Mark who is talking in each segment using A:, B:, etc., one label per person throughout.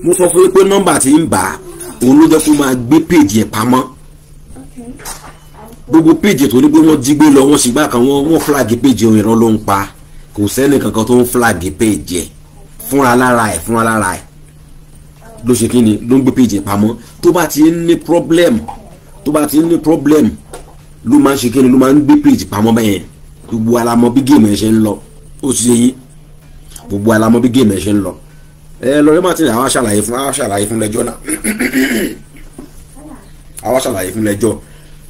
A: mo sọ fún yín pé nọ́mbà tí ń bà á òun ló jẹ́ kó máa gbé péjì ẹ̀ pamọ́ gbogbo péjì tó ní pé wọ́n jí gbé lọ wọ́n sì gbà kan wọ́n flagi péjì òun ìran ló ń pa kò sẹ́ni kankan tó ń flagi péjì ẹ̀ fúnra lára ẹ̀ fúnra lára ẹ̀ ló ṣe kí ni ló ń gbé péjì ẹ̀ pamọ́ tó bá ti ń ní problem tó bá ti ń ní problem ló máa ń ṣe kí ni ló máa ń gbé péjì pamọ́ bẹ́ẹ̀ gbogbo alamọ bí géèmù ẹ̀ ṣe ń lọ ó ti ṣe yín gbogbo alamọ bí géèmù ẹ̀ ṣe ń lọ ẹ lọrẹ martin àwọn aṣàlàyé fún àwọn aṣàlàyé fún lẹ́jọ́ náà àwọn aṣàlàyé fún lẹ́jọ́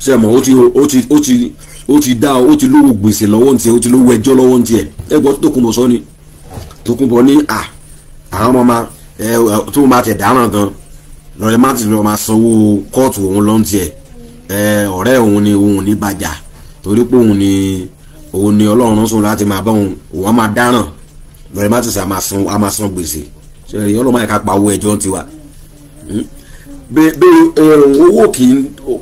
A: ṣe mọ ó ti ó ti ó ti ó ti da, ó ti lówó gbèsè lọ́wọ́ ní tiẹ̀ ó ti lówó ẹjọ́ lọ́wọ́ ní tiẹ̀ ẹ gbọ́ Tòkunbọ̀ sọ ni Tòkunbọ̀ ní à àwọn ọmọ ma ẹ tó o máa tẹ̀ dáná gan lọrẹ martin lọ máa sanwó kóòtù òun lọ́n tiẹ̀ ẹ ọ̀rẹ́ òun ni òun ní bàjá torí pé òun ni òun ni Ọlọ́run sùn láti máa bá òun òun á máa dáràn lọrẹ martin sà máa san gbèsè ẹ̀yìn ọlọ́mọ yẹn ká pa owó ẹjọ́ tiwa hmm? bẹ́ẹ̀ owó kì í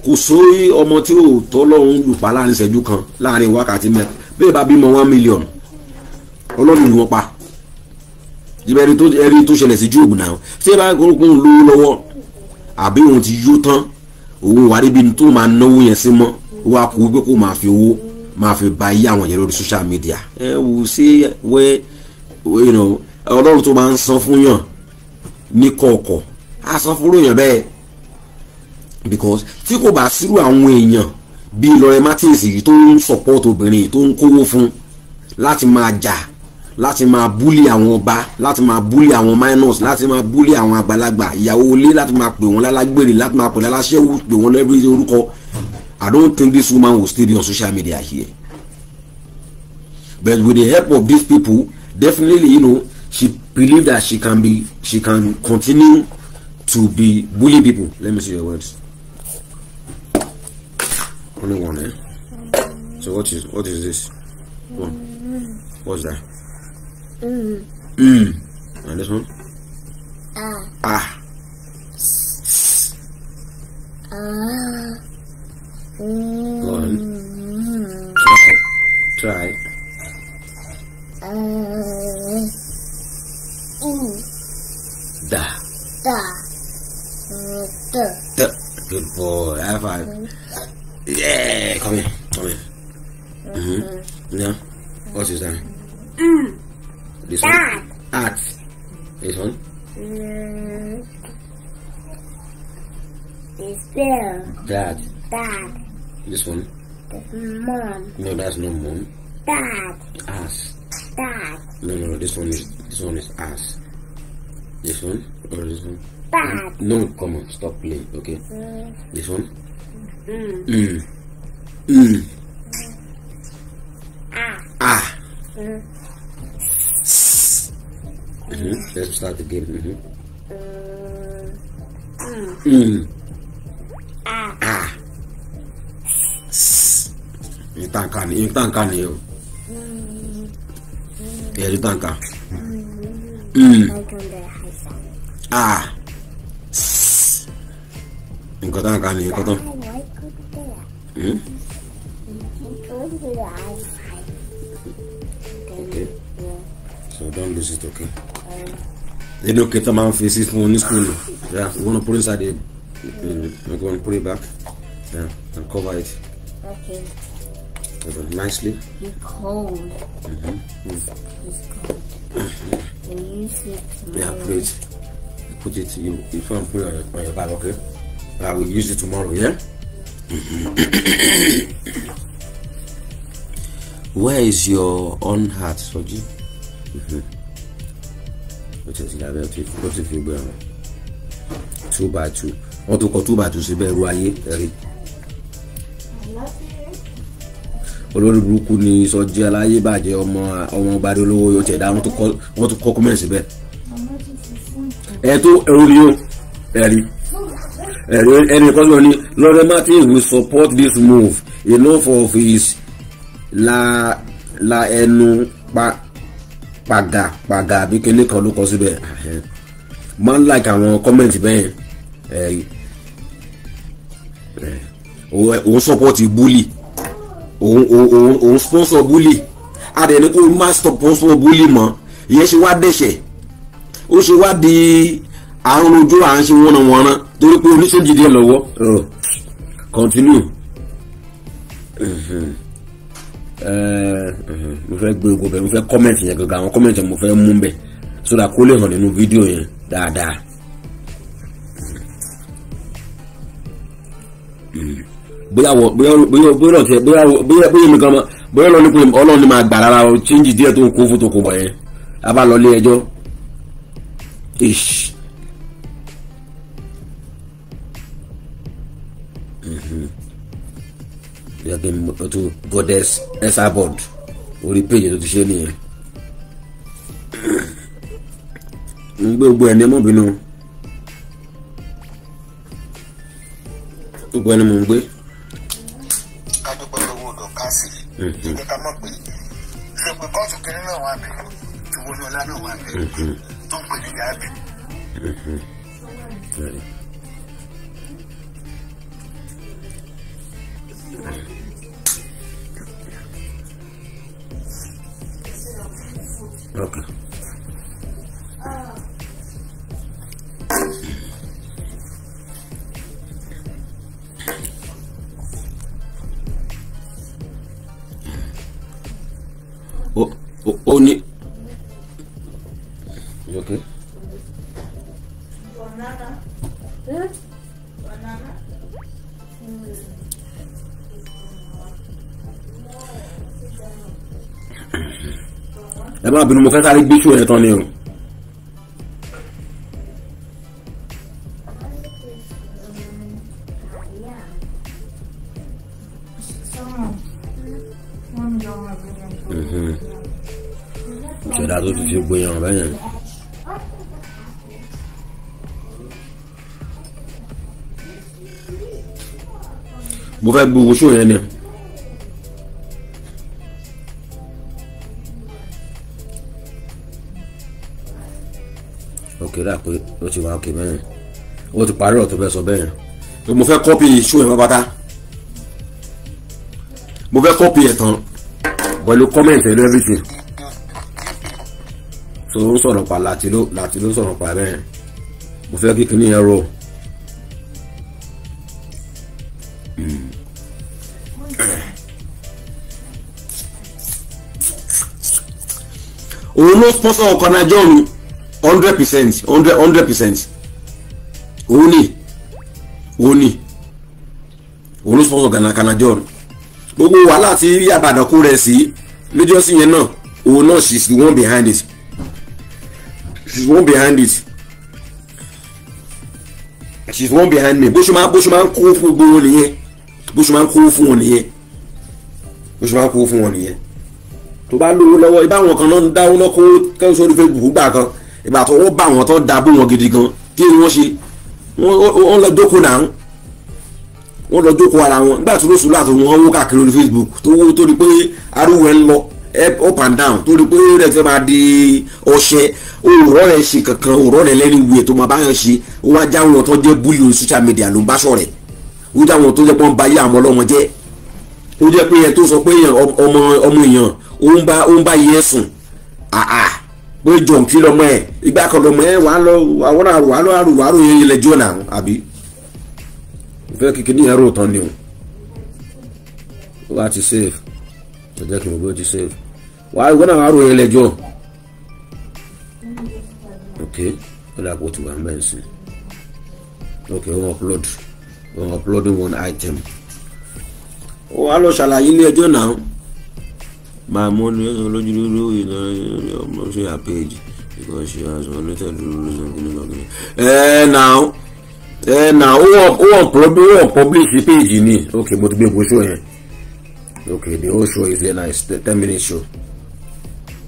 A: kò sórí ọmọ tí ò tọ́ lọ́hún lùpá láàrin ìṣẹ́jú kan láàrin wákàtí mẹ́ta bẹ́ẹ̀ bá bímọ one million ọlọ́run ni wọ́n pa ìbẹ̀rẹ̀ tó ẹ̀rí tó ṣẹlẹ̀ sí Job náà ṣé bá gbọ́n lówó lọ́wọ́ àbí òun ti yó tán òun wà níbi tó máa náwó yẹn sí mọ́ wá kú pé kó máa fi owó máa fi ba iye àwọn yẹn lórí social media ẹ wò ṣé wẹ́ you know ọlọ́run tó máa ń san fún yàn ní kọ̀ọ̀kọ̀ á san fún ròyìn bẹ́ẹ̀ because tí kò bá sírú àwọn èèyàn bíi lọ́rẹ́ Martins yìí tó ń support obìnrin tó ń kówó fún láti máa jà láti máa búlì àwọn ọba láti máa búlì àwọn minors láti máa búlì àwọn àgbàlagbà ìyàwó ilé láti máa pè wọ́n lálágbèrè láti máa pè láláṣẹ́wó pè wọ́n lẹ́rí orúkọ I don't think this woman will still be on social media here but with the help of these people definitely you know she believed that she can be she can continue to be bully people let me see your words only one eh so what is what is this one what's that mm. Mm. and this one ah ah Ah. Mm. Go on. Mm. Try. Try. Uh. U. Da. Da. Da. da. Good boy. High five. Mm. Yeah. Come here. Come here. Mm -hmm. Yeah. What's his name? Mm. This Dad. one. Art. This one. Mm. It's Bill. Dad. Dad. This one. mom. No, that's not mom. Dad. Ass. Dad. No, no, this one is This one is ass. This one or this one? Bad. No, come on, stop playing, okay? Mm. This one? Mm. Mm. Mm. Ah. Ah. Mm. Mm-hmm. Let's start the game. Mm-hmm. Mm. Mm. Ah. Ah. Nǹkan kan ni, nǹkan kan ni Yeah, you tán kan. so don't lose it, okay?
B: They don't get the man faces from this school. Yeah, we're
A: gonna put inside it. We're gonna put it back. Yeah, and cover it. Okay. Nicely. It's cold. Mm mm-hmm. -hmm. It's cold. Mm-hmm. and use it tomorrow. Yeah, please. Mm. Put it to you. If I'm put it on your back, okay? I will use it tomorrow, yeah? Where is your own heart, Soji? Mm-hmm. What is that? What if you burn? Two by two. Wọ́n tún kọ two by two síbẹ̀ ru ayé olórí burúkú ni Sọjí Aláyébàjẹ́ ọmọ ọmọ gbadé olówó yóò tẹ̀ wọ́n tún kọ́ kọ́mẹ̀sì bẹ́ẹ̀. ẹ tó ni yóò ẹ̀rí ẹ̀rí ẹni kọ́sìmọ̀ ni Lorraine Martin will support this move enough of his la la ẹnu pa pàgà pàgà àbí kíní kan ló kọ síbẹ̀ máa ń like àwọn kọ́mẹ̀ntì bẹ́ẹ̀ ẹ̀rí òun support bully òun òun òun sponsor bully adẹni kó má sponsor bully mọ́ ìyẹn ṣe wá dẹ̀ṣẹ̀ ó ṣe wá di àrùn ojú à ń ṣe wọ́nàwọ́nà torí pé oníṣèjì díẹ̀ lọ́wọ́ oh. continue. mo fẹ́ gbé ogun bẹ́ẹ̀ mo fẹ́ kọ́mẹ̀ntì yẹn gangan àwọn kọ́mẹ̀ntì mo fẹ́ mú bẹ́ẹ̀ sódà kó lè hàn nínú fídíò yẹn dáadáa. Mm bóyá wọ bóyá bóyá bóyá lọ tiẹ bóyá bóyá bóyá mi kan ma bóyá lọ ní pé ọlọ́run ní máa gbà rárá o chíńjì díẹ̀ tó ń kó fótó kó bọ̀ yẹn a bá lọ lé ẹjọ́ ish. Mhm. mọ́tò goddess ẹ̀sà board orí péjì tó ti ṣe nìyẹn n gbogbo ẹni mọ̀ bínú gbogbo ẹni mọ̀ ń gbé sí i mhm. ìjọba mọ̀ pé ṣe pé kóòtù kìnínní náà wà bẹ́ẹ̀ ìwọ ní ọlá náà wà bẹ́ẹ̀ mhm. tó ń pè ní ìyá bẹ́ẹ̀. Mhm. Okay. o ní. Okay. ẹ má bínú mo fẹ́ sáré gbé ṣó yẹn tán ni o. mo fẹ́ gbowó ṣó yẹn ni. òkè rà pé ó ti wá òkè mẹ́rin ó ti parí ọ̀tọ̀ bẹ́ẹ̀ sọ bẹ́ẹ̀ yẹn mo fẹ́ kọ́pì ṣó yẹn pátá mo fẹ́ kọ́pì ẹ̀ tán pẹ̀lú kọ́mẹ̀ntì ẹ̀lú everything so ó sọ̀rọ̀ pa láti ló sọ̀rọ̀ pa bẹ́ẹ̀ mo fẹ́ kí kinní yẹn rọ̀. òun ló sponsor ọkọ̀ nàìjọ́ mi hundred percent hundred hundred percent òun ni òun ni òun ló sponsor ọkọ̀ nàìjọ́ mi gbogbo wàhálà tí yàbàdàn kó rẹ̀ sí lójọ́sí yẹn náà òun náà she is the one behind it she is the one behind it she is the one behind me bó ṣe máa bó ṣe máa ń kó fún gbogbo nìyẹn bó ṣe máa ń kó fún wọn nìyẹn bó ṣe máa ń kó fún wọn nìyẹn tó bá lówó lọ́wọ́ ibà àwọn kan náà ń dáwó lọ́kọ́ kẹ́hìn sórí facebook gbà kan ìgbà tó wọ́n bá àwọn tó da bó wọn gidi gan kí ni wọ́n ṣe wọ́n lọ jókòó náà wọ́n lọ jókòó ara wọn nígbà tó lóṣù láti wọ́n wó káàkiri orí facebook tó wó tó rí pé arúgbó ẹ̀ ń lọ up and down tó rí pé rẹ̀ fẹ́ máa di ọṣẹ òwúrọ̀ rẹ̀ ṣe kankan òwúrọ̀ rẹ̀ lẹ́nu ìwé tó máa bá yàn ṣe ó wá jáwọn tó jẹ́ búlì social media ló ń bá ṣọ̀rẹ̀ ó jáwọn tó jẹ́ pọ́n bayé àwọn ọlọ́mọ jẹ́ ó jẹ́ pé yẹn tó sọ pé ọmọ èèyàn ó ń bá ó ń bá yẹ sùn àà pé jọ̀ǹkì lọmọ ẹ̀ ìgbà kan lọmọ ẹ̀ wà á lọ àwọn àrò wà á lọ àrò wà yẹn ilẹ̀ jọ̀nà àbí ìfẹ́ kékeré yẹn rò tán ni o ó bá ti save tó jẹ́ kí n gbé ti save wà á gbọ́dọ̀ wà á yẹn ilẹ̀ jọ̀ ok ó dà kó o ti wà ń bẹ́ẹ̀ sí ok ó wọn upload ó wọn upload one item o wà á lọ ṣàlàyé ilé ẹjọ́ náà. Mahmood olójúdúdú ìlọrin ọmọ ṣe àpèjì because she has violated the rules of the company. ẹ now and now ó wọ̀ ó wọ̀ pọ́bí ó wọ̀ publish page ni ok mo ti gbé bo show yẹn ok the whole show is there now it's ten minute show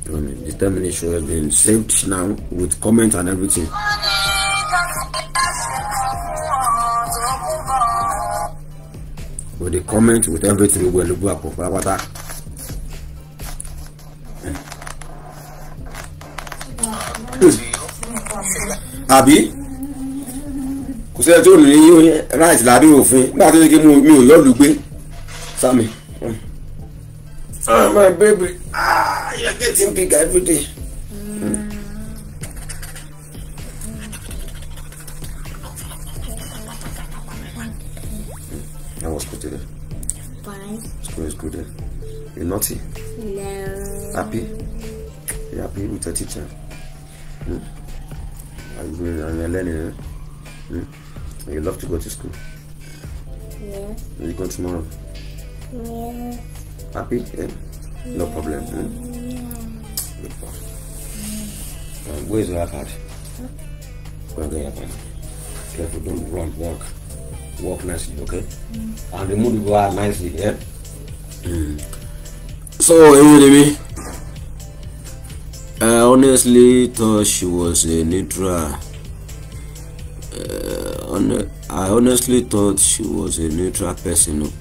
A: the ten minute show has been saved now with comments and everything. with the comments with everything gbogbo ẹ̀ ló gbọ́ àpò pátápátá. àbí kò sẹ́ni tó ní right lábẹ́ òfin nígbà tó yẹ kí mi ò yọ̀lù gbé sami. my baby ah, you are getting bigger every day. How was school today? Fine. School is good. Eh? You naughty? No. Happy? You happy with your teacher? and you're learning. Hmm? You love to go to school. Yeah. Are you going tomorrow? Yeah. Happy? Eh? Yeah. No problem. Yeah. Good boy. Yeah. Um, where's your iPad? Huh? Where's your iPad? Careful, don't run, walk. Walk nicely, okay? Mm. And the mood will go out nicely, yeah? Mm. So, anyway, honestly thought she was a neutral. Uh, I honestly thought she was a neutral person.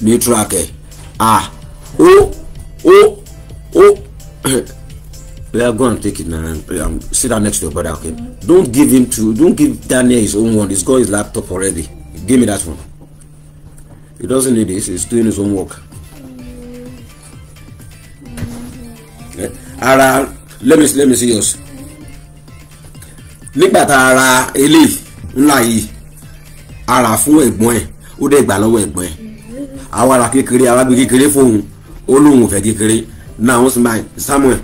A: Neutral okay. Ah! Oh! Oh! Oh! we are going to take it now and sit down next to your brother okay don't give him to don't give Daniel his own one he's got his laptop already give me that one he doesn't need this he's doing his own work. Yeah. ara let me let me see yours nígbà tá a ra eléyìí ńlá yìí a rà fún ẹ̀gbọ́n ẹ̀ ó dẹ̀ gbà lọ́wọ́ ẹ̀gbọ́n ẹ̀ àwa ra kékeré àwa gbé kékeré fóun ó lóun ò fẹ́ kékeré now what's mine Samuel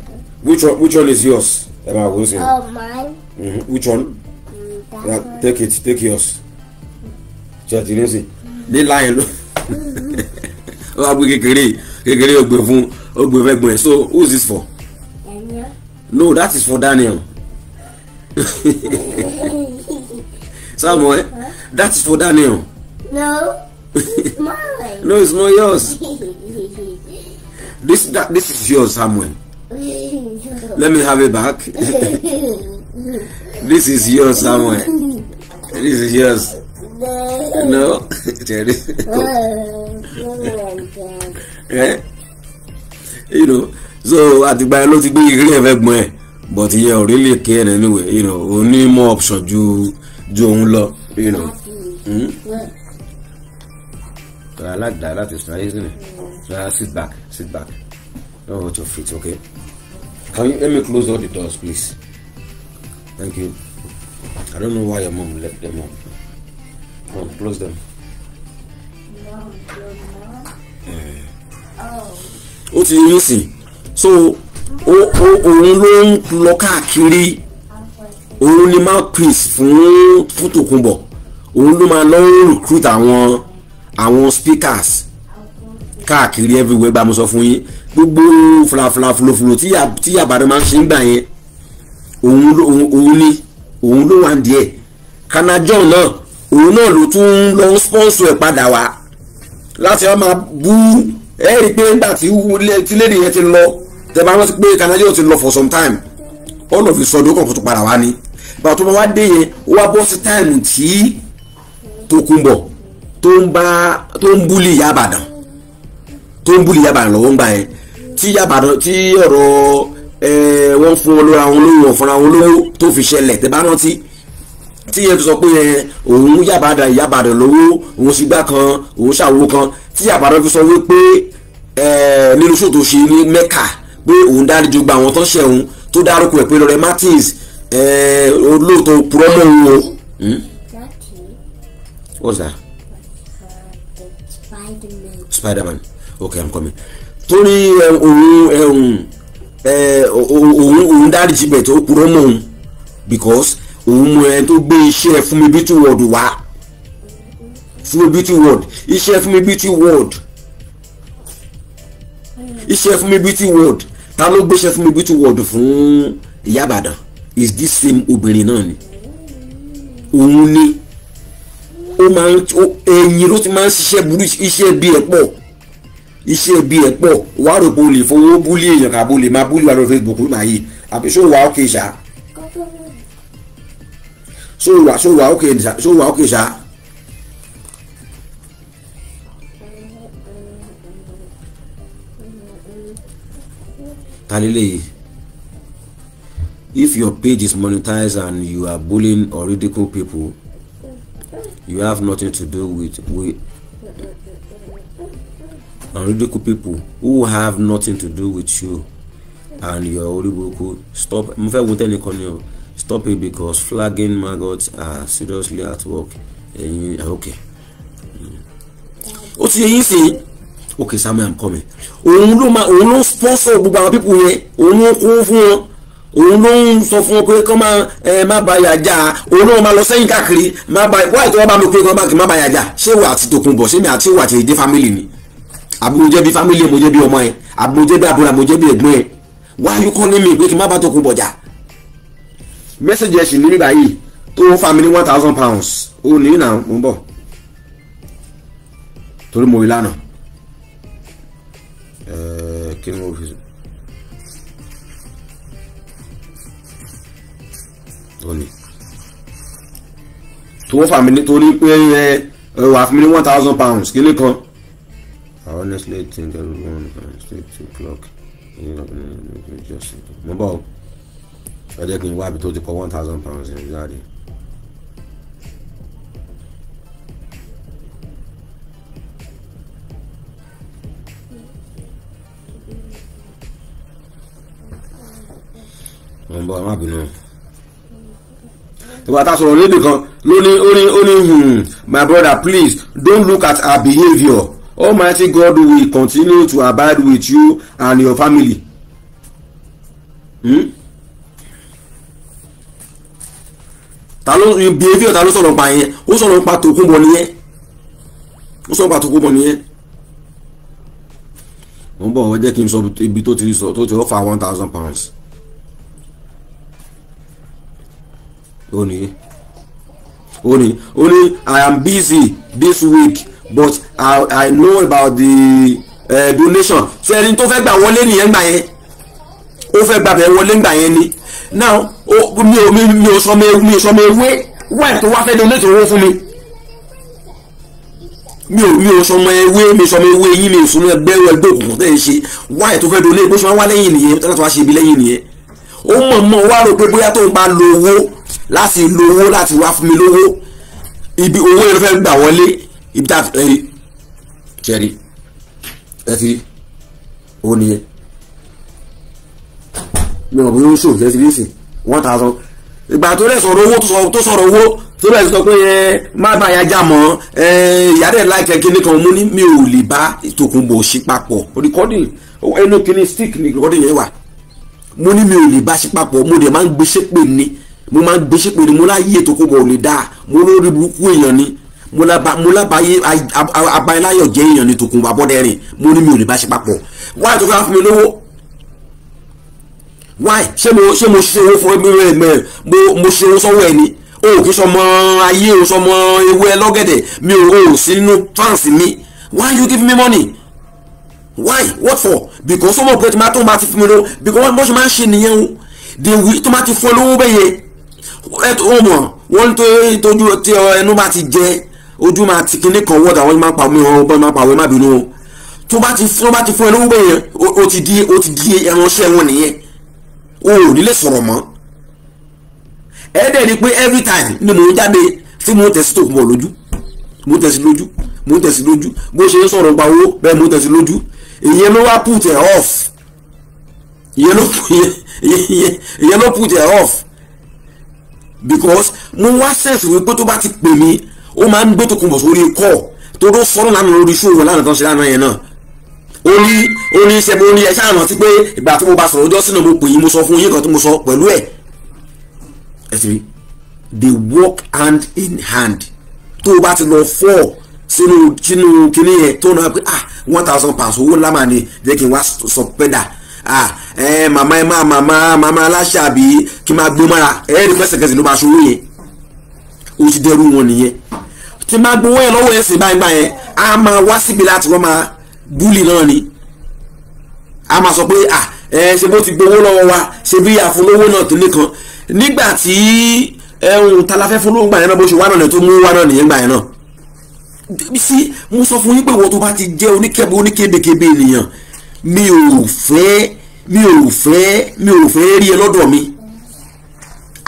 A: which one which one is yours ẹ máa wò ó sí mine. Mm-hmm. which one. yeah, mm, take it take yours. ṣe àti nísì lílá yẹn ló ó wá gbé kékeré kékeré ó gbé fún ó gbé fẹ́ gbọ́n ẹ̀ so who's this for no that is for Daniel Samuel eh? that is for Daniel no it's mine no it's not yours this that this is yours Samuel let me have it back this is yours Samuel this is yours no Jerry eh you know so àtìgbà yẹn ló ti gbé ìrírí yẹn fẹ́ gbọ́n ẹ̀ but yẹn ò rí lè ké ẹ̀ anyway you know o ní mọ option ju ju òun lọ you know. Hmm? I like that. That is nice, isn't it? Now sit back, sit back. Don't hurt your feet, okay? Can you let me close all the doors, please? Thank you. I don't know why your mom left them on. Come close them. ó ti yín sìn so òun ló ń lọ káàkiri òun ni mouthpiece fún fún Tòkunbọ̀ òun ló máa lọ recruit àwọn àwọn speakers káàkiri everywhere bá mo sọ fún yín gbogbo fulafula fulofulu tí àbàdàn máa ń ṣe ń gbà yẹn òun ni òun ló wà díẹ̀ kanajọ́ náà òun náà ló tún lọ ń sponsor ẹ̀ padà wá láti wá máa bú ẹ́ rí i pé nígbà tí lédi yẹn ti lọ tẹ bá rántí pé kanadio ti lọ for some time all of a sudden ó kàn kó tó padà wá ní bàbá tó bá wá dé yẹn ó wá bọ́ sí táìmù tí Tókunbọ̀ tó ń bá tó ń búlì Ìyá Ìbàdàn tó ń búlì Ìyá Ìbàdàn lọ́wọ́ ń gbà yẹn tí Ìyá Ìbàdàn tí ọ̀rọ̀ wọ́n fún wọn lóra wọn lóyún ọ̀fọ́nra wọn lówó tó fi ṣẹlẹ̀ tẹ bá rántí tí yẹn sọ pé òun Ìyá Ìbàdàn Ìyá òun sì gbà kan òun ṣàwo kan tí Ìyá fi sọ wípé nínú ṣòtò ṣe ní Mẹ́kà pé òun dáríjì gba àwọn tó ṣẹ̀ òun tó dárúkọ ẹ̀ pé lọ́rẹ́ Martins olóòótọ́ púrọ́mọ́ òun o. Hmm? what's that? Spiderman. Spiderman okay i'm coming torí òun òun òun dáríjì bẹ̀ tó púrọ́mọ́ òun because òun mọ ẹni tó gbé iṣẹ́ fún mi beauty world wá fún mi beauty world iṣẹ́ fún mi beauty world iṣẹ́ fún mi beauty world ta ló gbéṣẹ́ fún mi bí tí wọ́ọ̀dù fún ìyá àbàdàn is this same obìnrin náà ni òun ni ó máa ń ẹ̀yìn ló ti máa ń ṣiṣẹ́ burú iṣẹ́ bí ẹ̀ pọ̀ iṣẹ́ bí ẹ̀ pọ̀ wà á rò pé o lè fowó búlí èèyàn kàbó lè máa búlí wà lórí Facebook ló máa yí àbí ṣó wà ókè ṣá ṣó wà ókè ṣá. taleléyìí if your page is monetized and you are bullying or ridicule people you have nothing to do with with and ridicule people who have nothing to do with you and your oribuku stop mo fẹ́ wo tẹ́nìkan ni o stop it because flagging maggots are seriously at work ẹ̀yin okay. ó ti yẹ yín ok Samuel I'm coming òun ló ma òun ló sponsor gbogbo àwọn pípò yẹn òun ló kó fún wọn òun ló ń sọ fún wọn pé kọ́ máa ẹ má ba yà já òun náà máa lọ sẹ́yìn káàkiri má ba wáyé tó wọ́n bá mi pé kọ́ máa má ba yà já ṣé wà àti Tòkunbọ̀ ṣé mi àti wà àti èdè family ni àbí mo jẹ́ bí family mo jẹ́ bí ọmọ yẹn àbí mo jẹ́ bí àbúrò àbí mo jẹ́ bí ẹ̀gbọ́n yẹn wáyé yóò kọ́ ní mi pé kí n má bá Tòkunbọ̀ jà mẹ́sàgì ẹ̀ ní nígbà yìí tó ń fa mi ní one thousand pounds ó ní ìnà ń bọ̀ torí mo rí lánàá kí ni mo Tony? tóní tó fà mí nítorí pé ẹ wà one thousand pounds kí ni kan. I honestly think everyone can stay two o'clock mo bọ̀ ọ́ ẹ jẹ́ kí n wá ibi tó ti kọ́ one thousand pounds in jáde. wọn bọ àwọn àbínú tọba ta sọ̀rọ̀ lédè kan ló ní ó hmm, my brother please don't look at her behaviour almighty God will continue to abide with you and your family. Hmm? ta ló behaviour ta ló sọ̀rọ̀ pa yẹn ó sọ̀rọ̀ pa tòkúnbọ̀ nìyẹn ó sọ̀rọ̀ pa tòkúnbọ̀ nìyẹn wọ́n bọ̀ wọ́n jẹ́ kí n sọ ibi tó ti sọ tó ti ọ́ fa one thousand pounds. ó ní ó i am busy this week but i i know about the uh, donation so ẹni tó fẹ́ gbà wọlé nìyẹn gbà yẹn ó fẹ́ gbà bẹ́ẹ̀ wọlé gbà yẹn ni now ó mi ò mi mi ò sọ mi mi ò sọ mi ewé wẹ́ẹ̀ tó wá fẹ́ donate owó fún mi mi ò mi ò sọ ọmọ ewé mi sọ ọmọ ewé yín mi ò sọ ọmọ ẹgbẹ́ ẹgbẹ́ òkùnkùn tẹ̀ ń ṣe wáyé tó fẹ́ donate bó ṣe máa wá lẹ́yìn nìyẹn tó láti wá ṣe ibi lẹ́yìn nìyẹn ó mọ̀ mọ̀ wá rò pé bóyá tóun bá lo owó láti lo owó láti wá fún mi lówó ibi owó yẹn fẹ́ gbà wọlé ibi tá a fi ẹ̀rí jẹ́rí ẹ ti owó nìyẹn mi ò bí ó ń ṣòwò jẹ́ ti ní sìn one thousand ìgbà tó lẹ̀ sọ̀rọ̀ owó tó sọ̀rọ̀ owó tó lẹ̀ sọ pé ẹ má bá ya já mọ́ ẹ ìyá rẹ̀ láìpẹ́ kíní kan mú ní mi ò lè bá Tòkunbọ̀ ṣe papọ̀ recording ẹnu kíní stick ni recording yẹn wà mo ní mi ò lè bá ṣe papọ̀ mo dẹ̀ máa ń gbé ṣépè ni mo máa ń gbé ṣépè ni mo láyé ètò kó bọ̀ ò lè dáa mo lórí burúkú èèyàn ni mo lába mo lába yé abayéláyọ̀ jẹ́ èèyàn ní Tòkunbọ̀ Abọ́dẹ̀rìn mo ní mi ò lè bá ṣe papọ̀ wáyé tó kọ́ fún mi lówó wáyé ṣé mo ṣé mo ṣe owó fún ẹgbẹ́ rẹ̀ mẹ́ mo mo ṣe owó sọ́wọ́ ẹ ni o kì í sọmọ ayé o sọmọ ewu ẹ lọ́gẹ̀dẹ̀ mi ò o sí nínú fáǹsì mi why you give me money why what for because ọmọ ọ̀gbẹ́ tó máa tó máa ti fún mi lówó because wọ́n ṣe máa ń ṣe nìyẹn o they will tó máa ti fún ẹ lówó bẹ́yẹn ó mọ̀ wọ́n ní tójú tí ẹnu bá ti jẹ ojú máa ti kíní kan wọ́dà wọ́n máa pa omi wọn bọ́n máa pa òwe má bínú wọn tó bá ti fún bá ti fún ẹ lówó bẹ́ẹ̀ yẹn ó ti di ó ti di ẹranṣẹ́ wọn nìyẹn o ò ní sọ̀rọ̀ mọ́ ẹ dẹ̀ ni pé every time ni mò ń jáde tí mò ń tẹ̀sí tó mọ̀ lójú mò ń tẹ̀sí lójú mò ń tẹ̀sí lójú bó ṣe ń sọ̀rọ̀ gba owó bẹ́ẹ̀ mò ń tẹ̀sí lójú ìyẹn ló wá put ẹ̀ off ìyẹn ló put ẹ̀ off because mo wá sẹ́ǹsì wípé tó bá ti pè mí ó máa ń gbé Tòkunbọ̀ sórí kọ́ toró sọ́nù lánàá lórí ṣòwò lánàá tó ń ṣe lánàá yẹn náà ó ní ó ní ṣe mo ní ẹ ṣáà rántí pé ìgbà tí mo bá sọ̀rọ̀ ọjọ́ sínú mo pè yín mo sọ fún yín kan tí mo sọ pẹ̀lú ẹ̀ ẹ ti rí they work hand in hand tó o bá ti lọ fọ́ sínú sínú kinní yẹn tó náà pé ah one thousand pounds owó ńlá màá ni jẹ́ kí n wá sọ pẹ́dà ah ẹ màmá ẹ máa màmá màmá aláṣà àbí kí máa gbó mára ẹ rí pẹ́sẹ̀kẹsẹ̀ ló bá ṣòro yẹn ó ti dẹrú wọn nìyẹn tí máa gbowó yẹn lọ́wọ́ yẹn sì báyìí báyẹn á máa wá síbi láti wọ́n máa búlì náà ni á máa sọ pé à ẹ ṣe bó ti gbowó lọ́wọ́ wa ṣe bí àfọlówó náà tó nìkan nígbà tí ẹ̀hún talafẹ́ fún ló ń gbà yẹn náà bó ṣe wá náà tó mú wá náà nìyẹn gbà yẹn náà sí mo sọ fún yín pé mi ò fẹ́ mi ò fẹ́ rí ẹ lọ́dọ̀ mi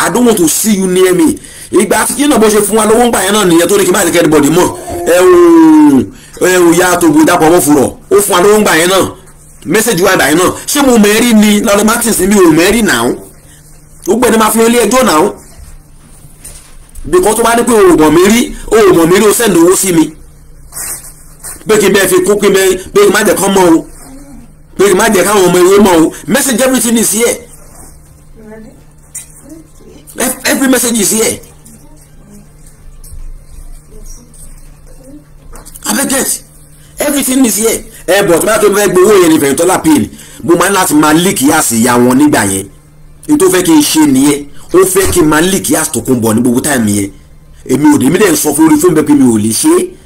A: I don't want to see you near me ìgbà tí náà bó ṣe fún wa lówó ń gbà náà nìyẹn tó ní kí n bá ní kẹ́ẹ́dì bọ̀dì mọ̀ ẹ ò ẹ ò ya tògbò dapò ọmọ fùrọ̀ ó fún wa lówó ń gbà náà mẹ́sẹ̀gì wa ìgbà náà ṣé mo mẹ́rí ni lọ́dọ̀ Martins mi ò mẹ́rí nàá ó gbẹ́ni máa fi hàn ilé ẹjọ́ nàá bìkọ́ tó bá ní pé o ò mọ̀ mí rí o ò mọ̀ mí rí o pé má jẹ́ káwọn ọmọ ewé mọ̀ o message everything is here every message is here abẹ́gẹ́t everything is here ẹ bọ̀ tí wọ́n bá tó fẹ́ gbowó yẹn ní fẹ̀yìntọ́lá pin mo máa ń láti máa líkì yá sí ìyá wọn nígbà yẹn ní tó fẹ́ kí n ṣe nìyẹn ó fẹ́ kí n máa líkì yá tó kún bọ̀ ní gbogbo táìmù yẹn èmi ò dé mi dẹ̀ ń sọ fún orí fún mi pé mi ò lè ṣe é